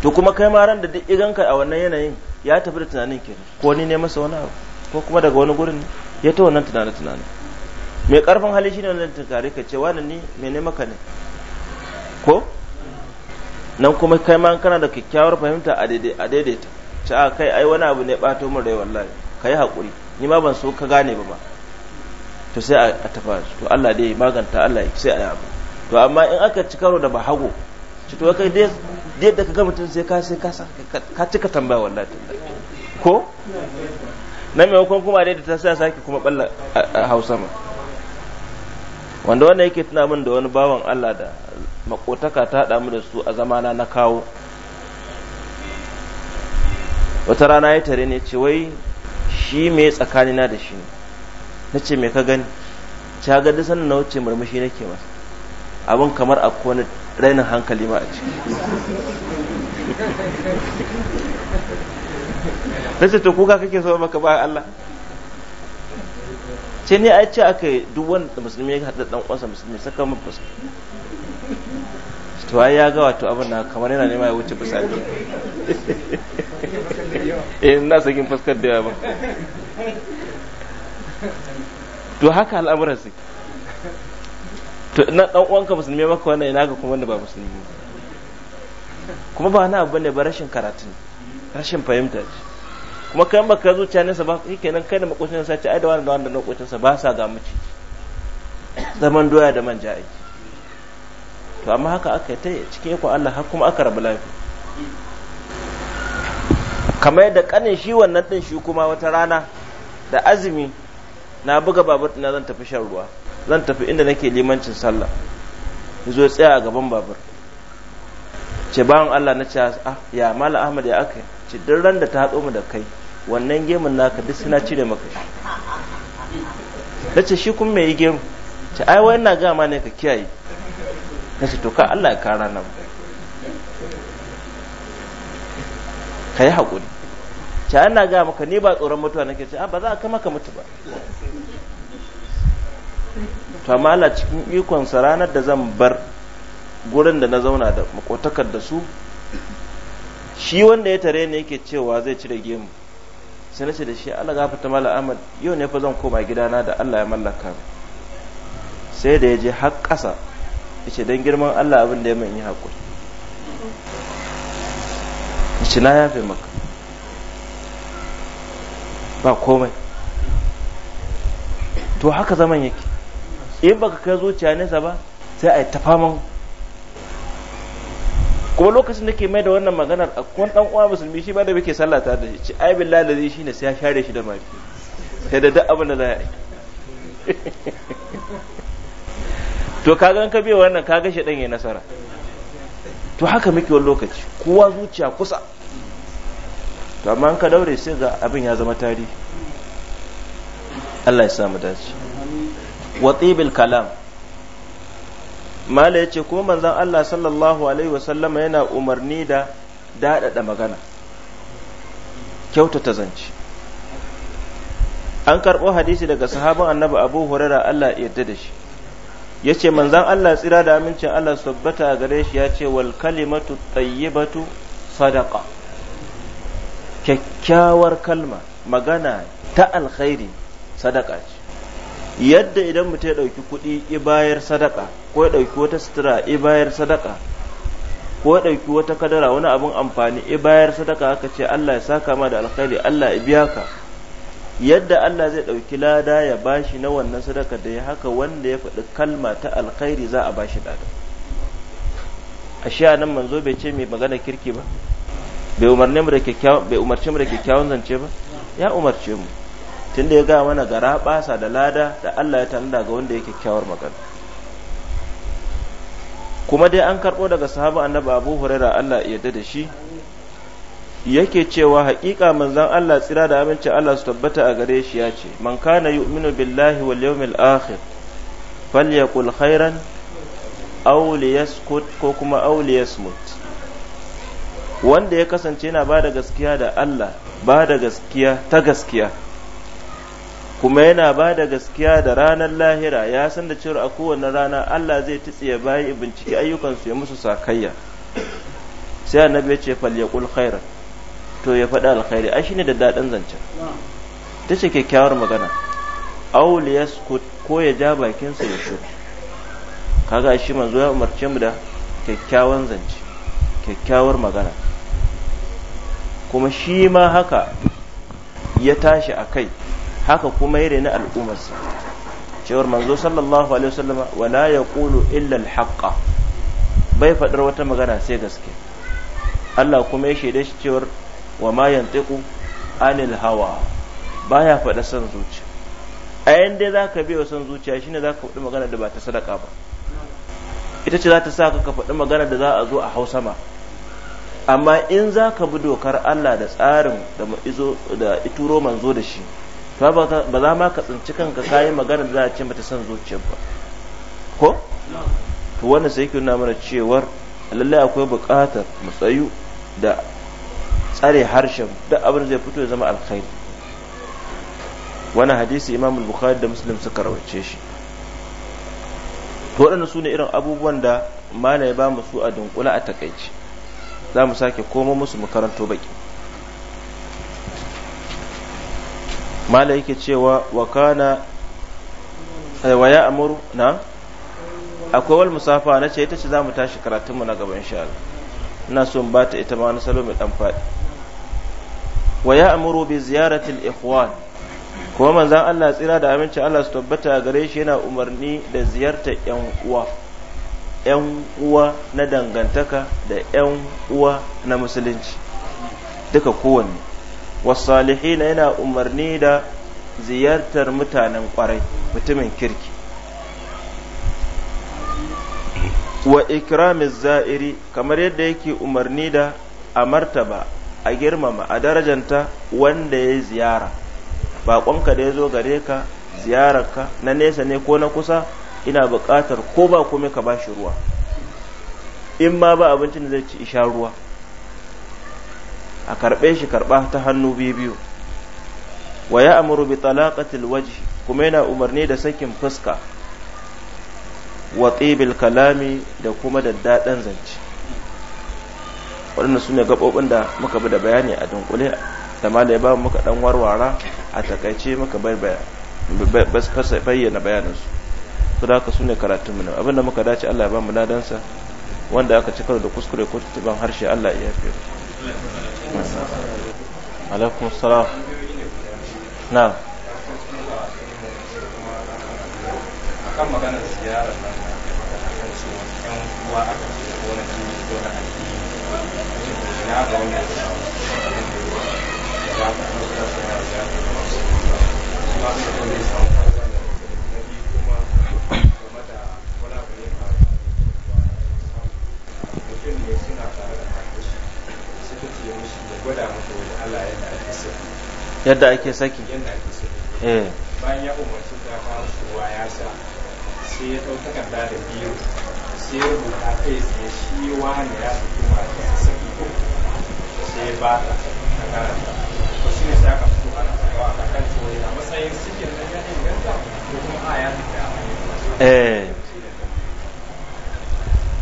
Speaker 1: to kuma kai ma ran da duk kai a wannan yanayin ya tafi da tunanin ke ko ni ne masa wani abu ko kuma daga wani gurin ya ta wannan tunanin tunanin mai karfin hali shine wannan tunkare ka ce wani ni me ne maka ne ko nan kuma kai ma kana da kyakkyawar fahimta a daidaita ci a kai ai wani abu ne bato mu rai wallahi ka yi ni ma ban so ka gane ba ba to sai a tafa to Allah dai maganta Allah sai a yaba to amma in aka ci karo da bahago ci to kai dai da ka ga mutum sai ka sai ka cika tambaya wallahi ko na maimakon kuma dai da ta sa sake kuma balla hausa ma wanda wannan yake tuna min da wani bawan Allah da makotaka ta damu mu da su a zamana na kawo wata rana ya tare ne ce wai shi me tsakanina da shi na ce me ka gani ta ga duk na wuce murmushi nake masa abin kamar a kone rainin hankali ma a ciki na ce to kuka kake so maka ba Allah ce ne a ce aka yi duk wanda musulmi ya haɗa ɗan uwansa musulmi saka mu to ai ya ga wato abin na kamar yana nema ya wuce fusaki *laughs* eh ina sakin fuskar da yawa to haka al'amuran su to na dan uwanka musulmi maka wannan ina ga kuma wanda ba musulmi kuma ba na abu bane ba rashin karatu rashin fahimta ce kuma kan baka zuciya sa ba nan kai da makocin sa ce ai da wani da da makocin sa ba sa ga muci zaman doya da manja aiki to amma haka aka yi ta cikin ikon Allah har kuma aka rabu lafiya kamar da kanin shi wannan din shi kuma wata rana da azumi na buga babur ina zan tafi shan ruwa zan tafi inda nake limancin sallah zo tsaya a gaban babur ce bawan Allah na ce ah, ya mala Ahmad ya aka ce duk ran da ta hatso mu da kai wannan gemun naka duk suna cire maka shi na shi kuma mai gemu ce ai wai ga gama ne ka kiyaye na ce to ka Allah ya kara nan ka yi haƙuri ce ana ga maka ne ba tsoron mutuwa nake ce a ba za a kama ka mutu ba to amma Allah cikin ikonsa ranar da zan bar gurin da na zauna da makotakar da su shi wanda ya tare ne yake cewa zai cire gemu sai nace da shi Allah gafarta mala Ahmad yau ne fa zan koma gidana da Allah ya mallaka sai da ya je har ƙasa yace dan girman Allah abin da ya min yi hakuri yace na yafe maka ba komai to haka zaman yake in baka kai zuciya nesa ba sai a yi ta faman kuma lokacin da ke mai da wannan maganar a kwan dan uwa musulmi shi ba da muke sallata da shi ci ai billahi da shine sai ya share shi da mafi sai da duk abin da za a yi *laughs* to kaga ka biya wannan kaga shi dan ya nasara to haka muke wani lokaci kowa zuciya kusa to amma an ka daure sai ga abin ya zama tarihi Allah ya samu dace wa tibil kalam mala yace ko manzon Allah sallallahu alaihi wasallama yana umarni da da magana kyautata zance an karɓo hadisi daga sahaban annabi abu huraira Allah ya yarda da shi Ya yace manzon Allah tsira da amincin Allah tabbata gare shi ce wal kalimatu tayyibatu sadaqa kyakkyawar kalma magana ta alkhairi sadaka ce yadda idan mutum ya ɗauki kuɗi i bayar sadaka ko ya ɗauki wata sutura i bayar sadaka ko ya ɗauki wata kadara wani abin amfani i bayar sadaka haka ce Allah ya saka ma da alkhairi Allah ya biya ka yadda Allah zai ɗauki lada ya bashi na wannan sadaka da ya haka wanda ya faɗi kalma ta alkhairi za a bashi lada a shi nan manzo bai ce mai magana kirki ba bai umarce mu da kyakkyawan zance ba ya umarce mu tunda ya ga mana gara basa da lada da Allah ya tanada ga wanda ya kyakkyawar magana kuma dai an karɓo daga sahaba annabi Abu Hurairah Allah ya yarda da shi yake cewa haƙiƙa manzon Allah tsira da aminci Allah su tabbata a gare shi ya ce man kana yu'minu billahi wal yawmil akhir falyaqul khairan aw liyaskut ko kuma aw liyasmut wanda ya kasance yana ba da gaskiya da Allah ba da gaskiya ta gaskiya kuma yana ba da gaskiya da ranar lahira ya san da cewa a kowane rana Allah zai ya bayi binciki ayyukansu ya musu sakayya sai annabi ya ce falyaqul khairan to ya faɗi alkhairi ai ne da daɗin zancen ta ce kyakkyawar magana aul yaskut ko ya ja bakinsa ya shi kaga shi manzo ya umarce mu da kyakkyawan zance kyakkyawar magana kuma shi ma haka ya tashi a kai haka kuma ya rena al'ummarsa cewar manzo sallallahu alaihi wasallam wala ya illa al-haqqa bai faɗar wata magana sai gaske Allah kuma ya shaida shi cewar wa ma yantiqu anil hawa baya faɗa son zuciya a yanda za ka biya son zuciya shine za ka faɗi magana da ba ta sadaka ba ita ce za ta sa ka faɗi magana da za a zo a hau sama amma in za ka bi dokar Allah da tsarin da izo da ituro manzo da shi to ba za ma ka tsinci kanka kayi magana da za a ce mata son zuciya ba ko to wannan sai ke nuna mana cewar lallai akwai buƙatar mu tsayu da tsare harshen duk abin zai fito ya zama alkhairi wani hadisi imam bukhari da muslim suka rawace shi waɗanda su ne irin abubuwan da mala ya ba mu su a dunkula a takaici za mu sake komo musu mu karanto baki mala yake cewa wa kana eh, wa ya amuru na akwai wal musafa na ce ita ce za mu tashi karatunmu na gaban sha'ala ina so in ta ita ma wani salo mai dan faɗi wa amuru bi ziyarati ikhwan kuma manzan Allah tsira da aminci Allah su tabbata gare shi yana umarni da ziyartar yan uwa yan uwa na dangantaka da yan uwa na musulunci duka kowanne wasalihina yana umarni da ziyartar mutanen kwarai mutumin kirki wa ikramiz za'iri kamar yadda yake umarni da a martaba a girmama a darajanta wanda ya ziyara baƙonka da ya zo gare ka ziyararka na nesa ne ko na kusa ina buƙatar ko ba kome ka shi ruwa in ma ba abincin zai ci isha ruwa a karɓe shi karɓa ta hannu bibiyu wa ya amuru bi talaqatil wajhi kuma yana umarni da sakin fuska wa tibil kalami da kuma daddaɗan zance waɗanda su ne gaɓoɓin da muka bi da bayani a dunkule da ma da ya ba muka ɗan warwara a takaice muka bayyana bayaninsu su da haka su ne karatun na abinda muka dace Allah ya ba mu ladansa wanda aka cikar da kuskure ko tutuban harshe Allah ya fi alaikum salam na
Speaker 2: kan maganar ziyarar nan kan cewa yan uwa aka ce ko na jini ko na aiki
Speaker 1: yadda ake saki eh bayan ya umarci ta fara suwa ya sa sai ya ɗau da biyu sai ya rubuta kai tsaye shi wani ya saki mata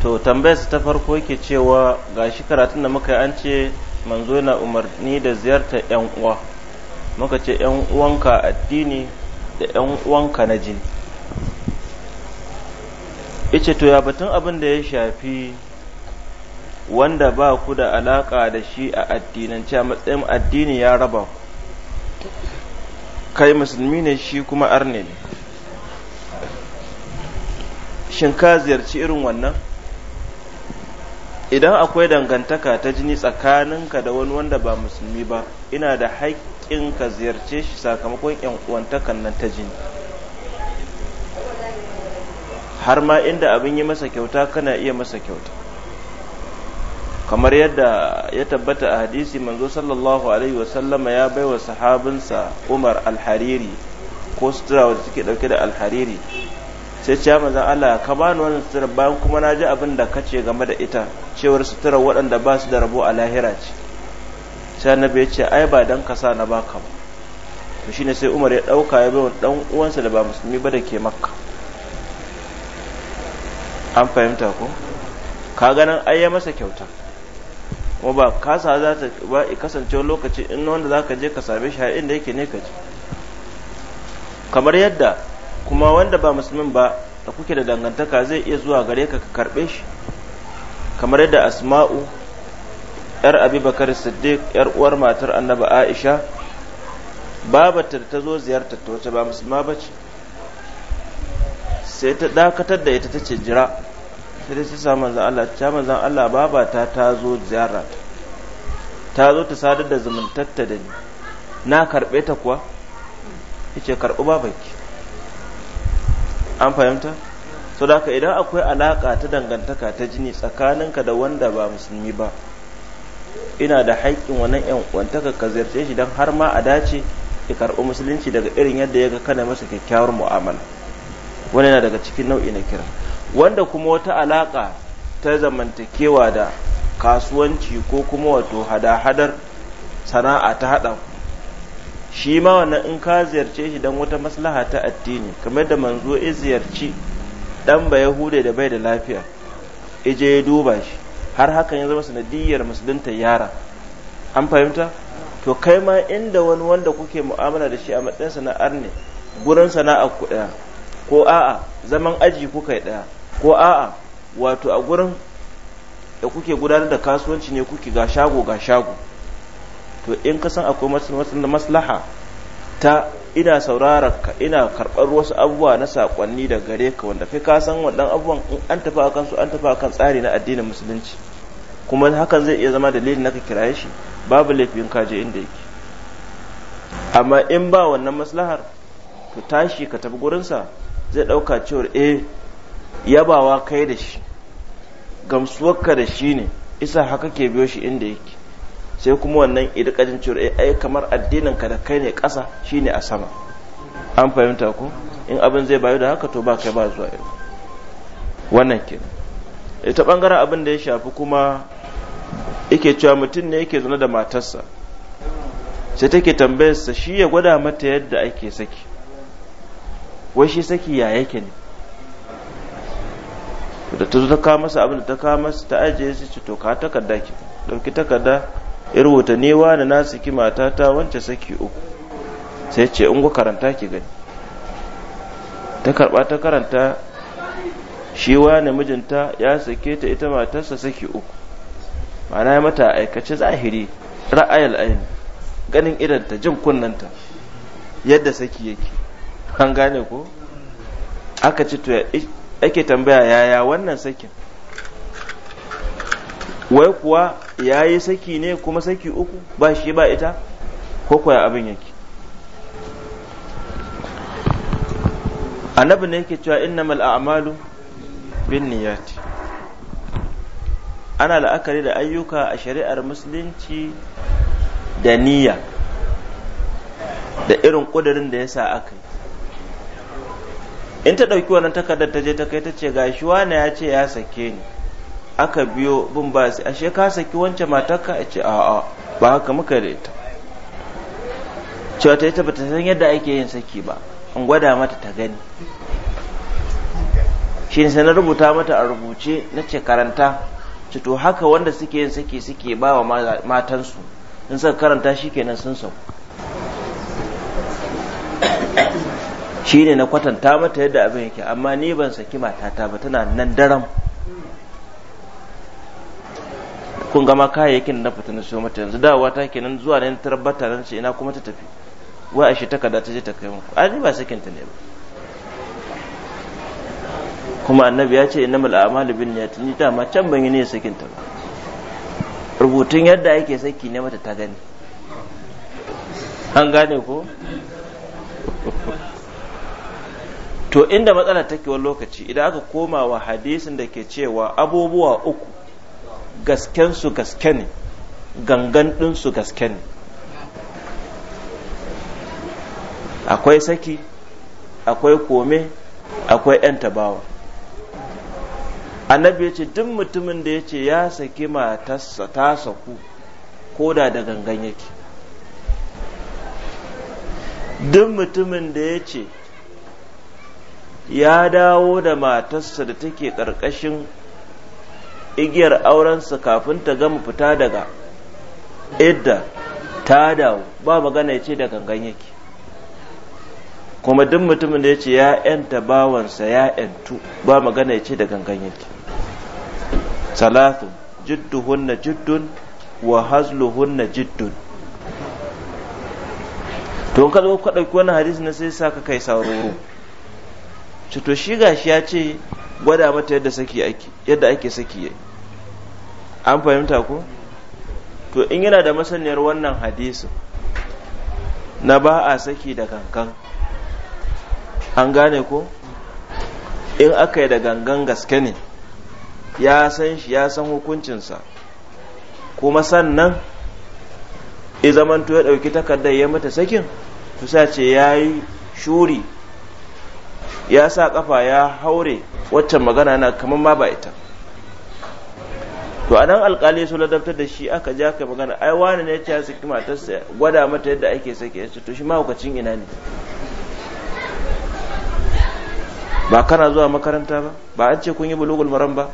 Speaker 1: to tambayar ne ta farko yake cewa gashi karatun da muka yi an ce manzo yana umarni da ziyartar yan uwa muka ce yan uwanka addini da yan uwanka na jini Ita to ya batun abin da ya shafi wanda ba ku da alaƙa da shi a addinance a matsayin addini ya raba ku kai musulmi ne shi kuma arne ne shin ka ziyarci irin wannan idan akwai dangantaka ta jini tsakaninka da wani wanda ba musulmi ba ina da haƙƙin ka ziyarce shi sakamakon yan uwantakan nan ta jini har ma inda abin yi masa kyauta kana iya masa kyauta kamar yadda ya tabbata a hadisi manzo sallallahu alaihi wasallama ya bai wa sahabinsa umar alhariri ko sutura wadda suke dauke da alhariri sai ce manzan Allah ka ni wannan sutura bayan kuma na ji abin da kace game da ita cewar sutura waɗanda ba su da rabo a lahira ce sai annabi ya ce ai ba dan kasa na baka ba to shine sai Umar ya dauka ya bai dan uwansa da ba musulmi ba da ke Makka an fahimta ko ka ganin ai ya masa kyauta kuma ba kasa za ta ba kasance lokaci in wanda za ka je ka same shi har inda yake ne ka je kamar yadda kuma wanda ba musulmin ba da kuke da dangantaka zai iya zuwa gare ka ka karɓe shi kamar yadda asma'u yar abubakar siddiq yar uwar matar annaba aisha babata ta zo ziyartar ta wace ba musulma ba ce sai ta dakatar da ita ta ce jira sai dai su manzan Allah ta manzan Allah baba ta ta zo ziyara ta zo ta sadar da zumuntatta da ni na karɓe ta kuwa yace karɓi babanki an fahimta so da idan akwai alaƙa ta dangantaka ta jini tsakaninka da wanda ba musulmi ba ina da haƙƙin wannan yan wantaka ka ziyarce shi don har ma a dace ya karɓi musulunci daga irin yadda ya ga kana masa kyakkyawar mu'amala wani yana daga cikin nau'i na kira wanda kuma wata alaka ta zamantakewa da kasuwanci ko kuma wato hada-hadar sana'a ta hada shi ma wannan in ka ziyarce shi don wata maslaha ta addini kamar da manzo ya ziyarci dan ba yahude da bai da lafiya ije ya duba shi har hakan ya zama sanadiyyar musulunta yara an fahimta to kai ma inda wani wanda kuke mu'amala da shi a matsayin sana'ar ne gurin sana'ar ku ko a'a zaman aji kuka ɗaya ko a'a wato a gurin da kuke gudanar da kasuwanci ne kuke ga shago ga shago to in ka san akwai maslaha ta ina sauraron ka ina karɓar wasu abubuwa na sakonni da gare ka wanda kai ka san waɗannan abubuwan in an tafi a kansu an tafi kan tsari na addinin musulunci kuma hakan zai iya zama dalilin na ka kiraye shi babu laifin ka je inda yake amma in ba wannan maslahar to tashi ka tafi gurinsa zai ɗauka cewar eh yabawa kai da shi gamsuwarka da shi ne isa haka ke biyo shi inda yake sai kuma wannan idikajin cewar eh, ai kamar addinin ka da kai ne ƙasa shine a sama an fahimta ko in abin zai bayu da haka to ba kai ba zuwa yau wannan ke ita bangaren abin da ya shafi kuma yake cewa mutum ne yake zaune da matarsa sai take tambayarsa shi ya gwada mata yadda ake saki wai shi saki ya yake ne da ta zo ta kawo masa abin da ta kawo masa ta ajiye su ce to ka takarda ki ɗauki takarda ya wuta ne wani na saki ta wance saki uku sai ce in karanta ki gani ta karba ta karanta shi wa na mijinta ya sake ta ita matarsa saki uku ma'ana ya mata aikace zahiri ra'ayal ayin ganin ta jin kunnanta yadda saki yake an gane ko aka ci to ake tambaya yaya wannan sakin wai kuwa ya yi saki ne kuma saki uku ba shi ba ita ko kwaya abin yake annabi ne yake cewa innamal a'malu bin niyati ana la'akari da ayyuka a shari'ar musulunci da niyya da irin kudirin da ya sa aka yi in ta ɗauki wannan takardar ta je ta kai ta ce ga shi wane ya ce ya sake ni aka biyo bin ba a ashe ka saki wancan matarka a ce a'a ba haka muka da ita cewa ta ita bata san yadda ake yin saki ba in gwada mata ta gani shi sai na rubuta mata a rubuce na ce karanta ce to haka wanda suke yin saki suke ba wa matansu in suka karanta shi kenan sun sauku shine na kwatanta mata yadda abin yake amma ni ban saki matata ba tana nan daram kun gama kayayyakin na fita na siyo mata yanzu dawowa ta kenan zuwa ne tarbata nan ce ina kuma ta tafi wai shi ta kada ta je ta kai muku ni ba sakin ta ne ba kuma annabi ya ce innamal a'malu bin niyyati ni dama can ban yi ne sakin ta ba rubutun yadda yake saki ne mata ta gani an gane ko *laughs* to inda matsalar take wani lokaci idan aka koma wa hadisin da ke cewa abubuwa uku gaskensu gaske ne gangan din su gaske ne akwai saki akwai kome akwai 'yan tabawa annabi ya ce duk mutumin da ya ce ya saki matarsa ta saku ko da da gangan yake duk mutumin da ya ce ya dawo da matarsa da take ƙarƙashin igiyar aurensa kafin ta gama fita daga idda ta dawo ba magana ya ce da gangan yake kuma duk mutumin da ya ce ya ‘yanta bawansa ya ‘yantu ba magana ya ce da gangan yake salatun jidduhunna jiddun wa hazluhunna jiddun to ka ka ɗauki wani hadisi na sai sa ka kai sauraro to shi gashi ya ce gwada mata yadda saki ake yadda ake saki yayi an fahimta ko to in yana da masaniyar wannan hadisi na ba a saki da gangan an gane ko in aka yi da gangan gaske ne ya san shi ya san hukuncinsa kuma sannan i ya ɗauki takardar ya mata sakin to sai ce ya yi shuri ya sa kafa ya haure waccan magana na kamar ma ba ita to anan alkali su ladabtar da shi aka ja kai magana ai wani ne ya saki matarsa gwada mata yadda ake sake ya to shi mahaukacin ina ne ba kana zuwa makaranta ba ba an ce kun yi bulugul maram ba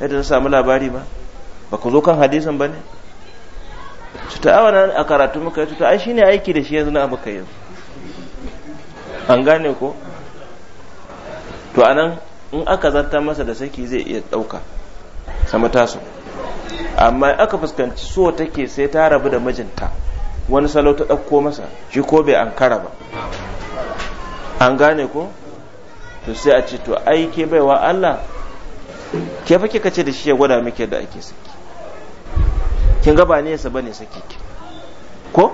Speaker 1: yadda na samu labari ba ba ku zo kan hadisin ba ne ta awa a karatu muka yi cuta ai shi ne aiki da shi yanzu na muka yanzu an gane ko to anan in aka zartar masa da saki zai iya ɗauka sama taso amma aka fuskanci so take sai ta rabu da mijinta wani salo ta ɗauko masa shi ko bai an kara ba an gane ko to sai a ce to ai ke baiwa Allah ke fa kika ce da shi ya gwada muke da ake saki kin ga ba nesa bane saki ki ko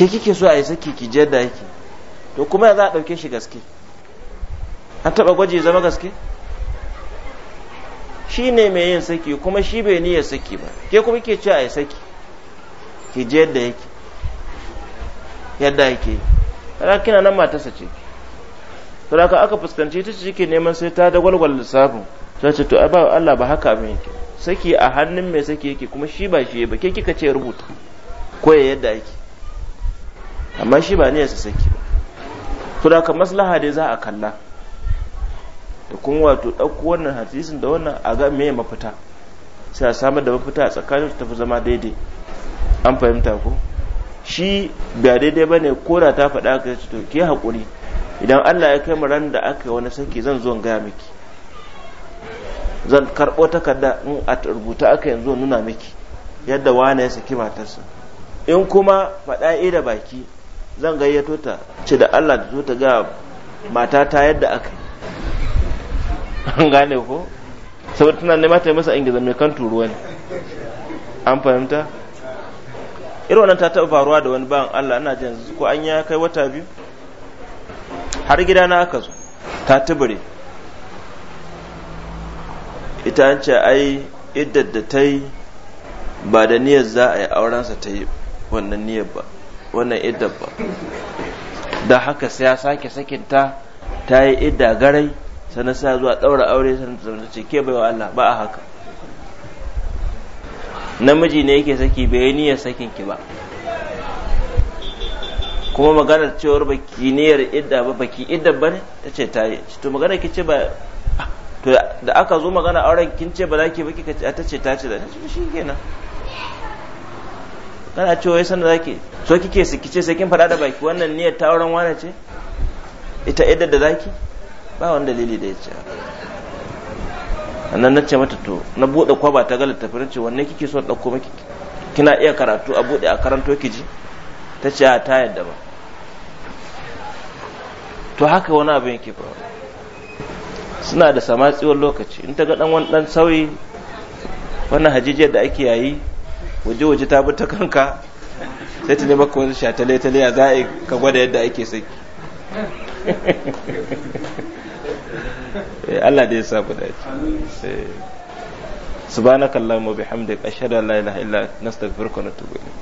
Speaker 1: ke kike so a yi saki ki jadda yake to kuma za a ɗauke shi gaske an taɓa gwaji zama gaske shi ne mai yin saki kuma shi bai niyya saki ba ke kuma ke ci a yi saki ki je yadda yake yadda yake yi kina nan matarsa ce to da aka fuskanci ta ce ke neman sai ta da gwalgwal lissafin ta ce to ba Allah ba haka abin yake saki a hannun mai saki yake kuma shi ba shi ba ke kika ce rubuta ko ya yadda yake amma shi ba ya saki ba to da maslaha dai za a kalla da kuma wato ɗauko wannan hadisin da wannan a ga me mafita sai a samar da mafita a tsakanin su tafi zama daidai an fahimta ko shi ba daidai ba ne ko da ta faɗa ka ce to ke haƙuri idan Allah ya kai mu ran da aka yi wani saki zan zo in gaya miki zan karɓo takarda in a rubuta aka yanzu nuna miki yadda wane ya saki matarsa in kuma faɗa da baki zan gayyato ta ce da Allah da zo ta ga matata yadda aka yi an gane ko saboda tana nema ta yi masa ingiza mai kan turuwa ne an fahimta irin wannan ta taɓa faruwa da wani bayan Allah ana jin ko an ya kai wata biyu har gida na aka zo ta tabare ita an ce ai iddar da ta yi ba da niyyar za a yi aurensa ta yi wannan niyyar ba wannan iddar ba da haka sai ya sake sakinta ta yi idda garai sannan sa zuwa ɗaura aure sannan ta zama ce ke wa Allah ba a haka namiji ne yake saki bai niyyar sakin ki ba kuma magana cewar baki niyyar idda ba baki idda ba ne ta ce ta yi to magana ki ce ba ah, to da aka zo magana auren kin ce ba za ki baki ah, ta ce ta ce da shi kenan kana cewa ya sanda zaki so kike su kice sai kin fada da baki wannan niyyar ta auren wane ce ita idda da zaki ba wani dalili da ya ce annan na mata to na buɗe kwaba ta ga littafin ce wanne kike so ɗauko maki kina iya karatu a bude a karanto kiji ta ce a ta yadda ba to haka wani abin yake faru suna da tsiwon lokaci in ta ga dan wani dan sauyi wannan hajijiyar da ake yayi waje-waje ta bi ta kanka sai ta nema kuma shatale-tale a za a ka gwada yadda ake saki.
Speaker 2: *laughs*
Speaker 1: Eh, Allah da ya sa ku dace eh. subhanakallahumma bihamdika ashhadu an la ilaha illa anta astaghfiruka wa atubu ilayk